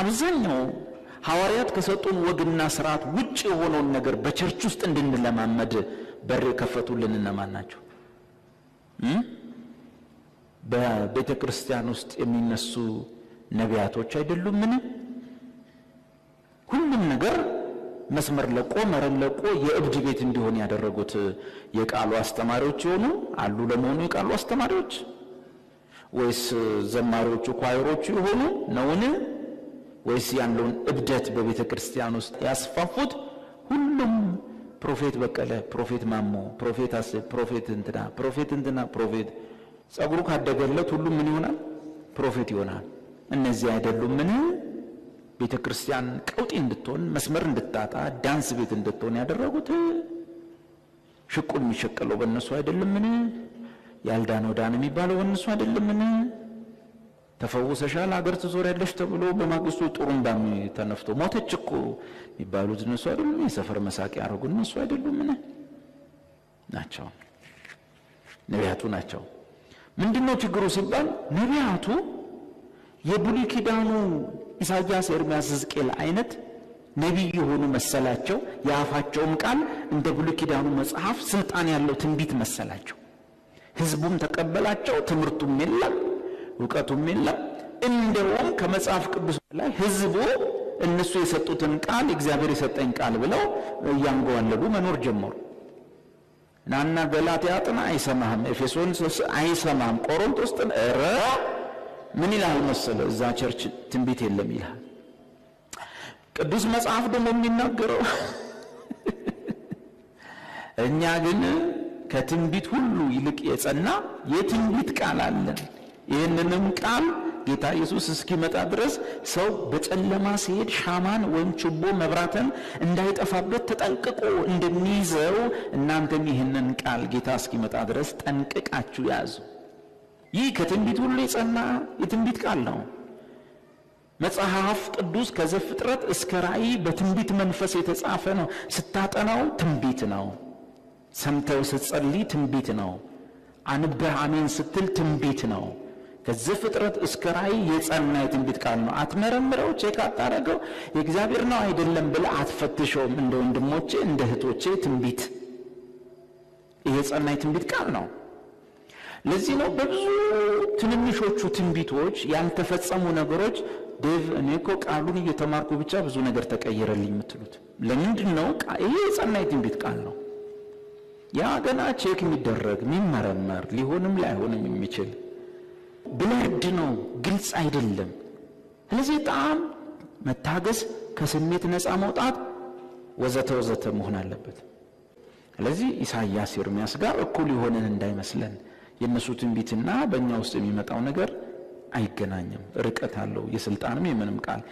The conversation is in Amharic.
አብዛኛው ሐዋርያት ከሰጡን ወግና ስርዓት ውጭ የሆነውን ነገር በቸርች ውስጥ እንድንለማመድ በር የከፈቱልን እነማን ናቸው? በቤተ ክርስቲያን ውስጥ የሚነሱ ነቢያቶች አይደሉም? ምን ሁሉም ነገር መስመር ለቆ መረን ለቆ የእብድ ቤት እንዲሆን ያደረጉት የቃሉ አስተማሪዎች የሆኑ አሉ። ለመሆኑ የቃሉ አስተማሪዎች ወይስ ዘማሪዎቹ ኳይሮቹ የሆኑ ነውን? ወይስ ያለውን እብደት በቤተ ክርስቲያን ውስጥ ያስፋፉት ሁሉም ፕሮፌት በቀለ፣ ፕሮፌት ማሞ፣ ፕሮፌት አስብ፣ ፕሮፌት እንትና፣ ፕሮፌት እንትና፣ ፕሮፌት ጸጉሩ ካደገለት ሁሉም ምን ይሆናል? ፕሮፌት ይሆናል። እነዚህ አይደሉም። ምን ቤተ ክርስቲያን ቀውጢ እንድትሆን መስመር እንድታጣ ዳንስ ቤት እንድትሆን ያደረጉት ሽቁን የሚሸቀለው በእነሱ አይደለምን? ያልዳነው ዳን የሚባለው በእነሱ አይደለምን? ተፈውሰሻል ሀገር ትዞሪያለሽ ተብሎ በማግስቱ ጥሩምባ ተነፍቶ ሞተች እኮ የሚባሉት እነሱ አይደሉም? የሰፈር መሳቂያ ያደረጉ እነሱ አይደሉም? ናቸው? ነቢያቱ ናቸው። ምንድን ነው ችግሩ ሲባል ነቢያቱ የብሉይ ኪዳኑ ኢሳያስ፣ ኤርምያስ፣ ሕዝቅኤል አይነት ነቢይ የሆኑ መሰላቸው። የአፋቸውም ቃል እንደ ብሉይ ኪዳኑ መጽሐፍ ስልጣን ያለው ትንቢት መሰላቸው። ህዝቡም ተቀበላቸው። ትምህርቱም የለም እውቀቱም የለም። እንደውም ከመጽሐፍ ቅዱስ ላይ ህዝቡ እነሱ የሰጡትን ቃል እግዚአብሔር የሰጠኝ ቃል ብለው እያንገዋለዱ መኖር ጀመሩ። ናና ገላትያጥን አይሰማህም፣ ኤፌሶን አይሰማህም፣ ቆሮንቶስጥን ረ ምን ይላል መሰለ እዛ ቸርች ትንቢት የለም ይላል ቅዱስ መጽሐፍ ደግሞ የሚናገረው እኛ ግን ከትንቢት ሁሉ ይልቅ የጸና የትንቢት ቃል አለን። ይህንንም ቃል ጌታ ኢየሱስ እስኪመጣ ድረስ ሰው በጨለማ ሲሄድ ሻማን ወይም ችቦ መብራትን እንዳይጠፋበት ተጠንቅቆ እንደሚይዘው እናንተም ይህንን ቃል ጌታ እስኪመጣ ድረስ ጠንቅቃችሁ ያዙ። ይህ ከትንቢት ሁሉ የጸና የትንቢት ቃል ነው። መጽሐፍ ቅዱስ ከዘፍጥረት እስከ ራእይ በትንቢት መንፈስ የተጻፈ ነው። ስታጠናው ትንቢት ነው። ሰምተው ስትጸልይ ትንቢት ነው። አንብህ አሜን ስትል ትንቢት ነው። ከዘፍጥረት እስከ ራእይ የጸና የትንቢት ቃል ነው አትመረምረው ቼክ አታረገው የእግዚአብሔር ነው አይደለም ብለ አትፈትሸውም እንደ ወንድሞቼ እንደ እህቶቼ ትንቢት የጸና የትንቢት ቃል ነው ለዚህ ነው በብዙ ትንንሾቹ ትንቢቶች ያልተፈጸሙ ነገሮች ዴቭ እኔ እኮ ቃሉን እየተማርኩ ብቻ ብዙ ነገር ተቀየረልኝ የምትሉት ለምንድን ነው ይህ የጸና የትንቢት ቃል ነው ያ ገና ቼክ የሚደረግ የሚመረመር ሊሆንም ላይሆንም የሚችል ብለርድ ነው፣ ግልጽ አይደለም። ስለዚህ ጣም መታገስ፣ ከስሜት ነፃ መውጣት ወዘተ ወዘተ መሆን አለበት። ስለዚህ ኢሳያስ ኤርሚያስ ጋር እኩል የሆነን እንዳይመስለን። የእነሱ ትንቢትና በእኛ ውስጥ የሚመጣው ነገር አይገናኝም፣ ርቀት አለው። የስልጣንም የምንም ቃል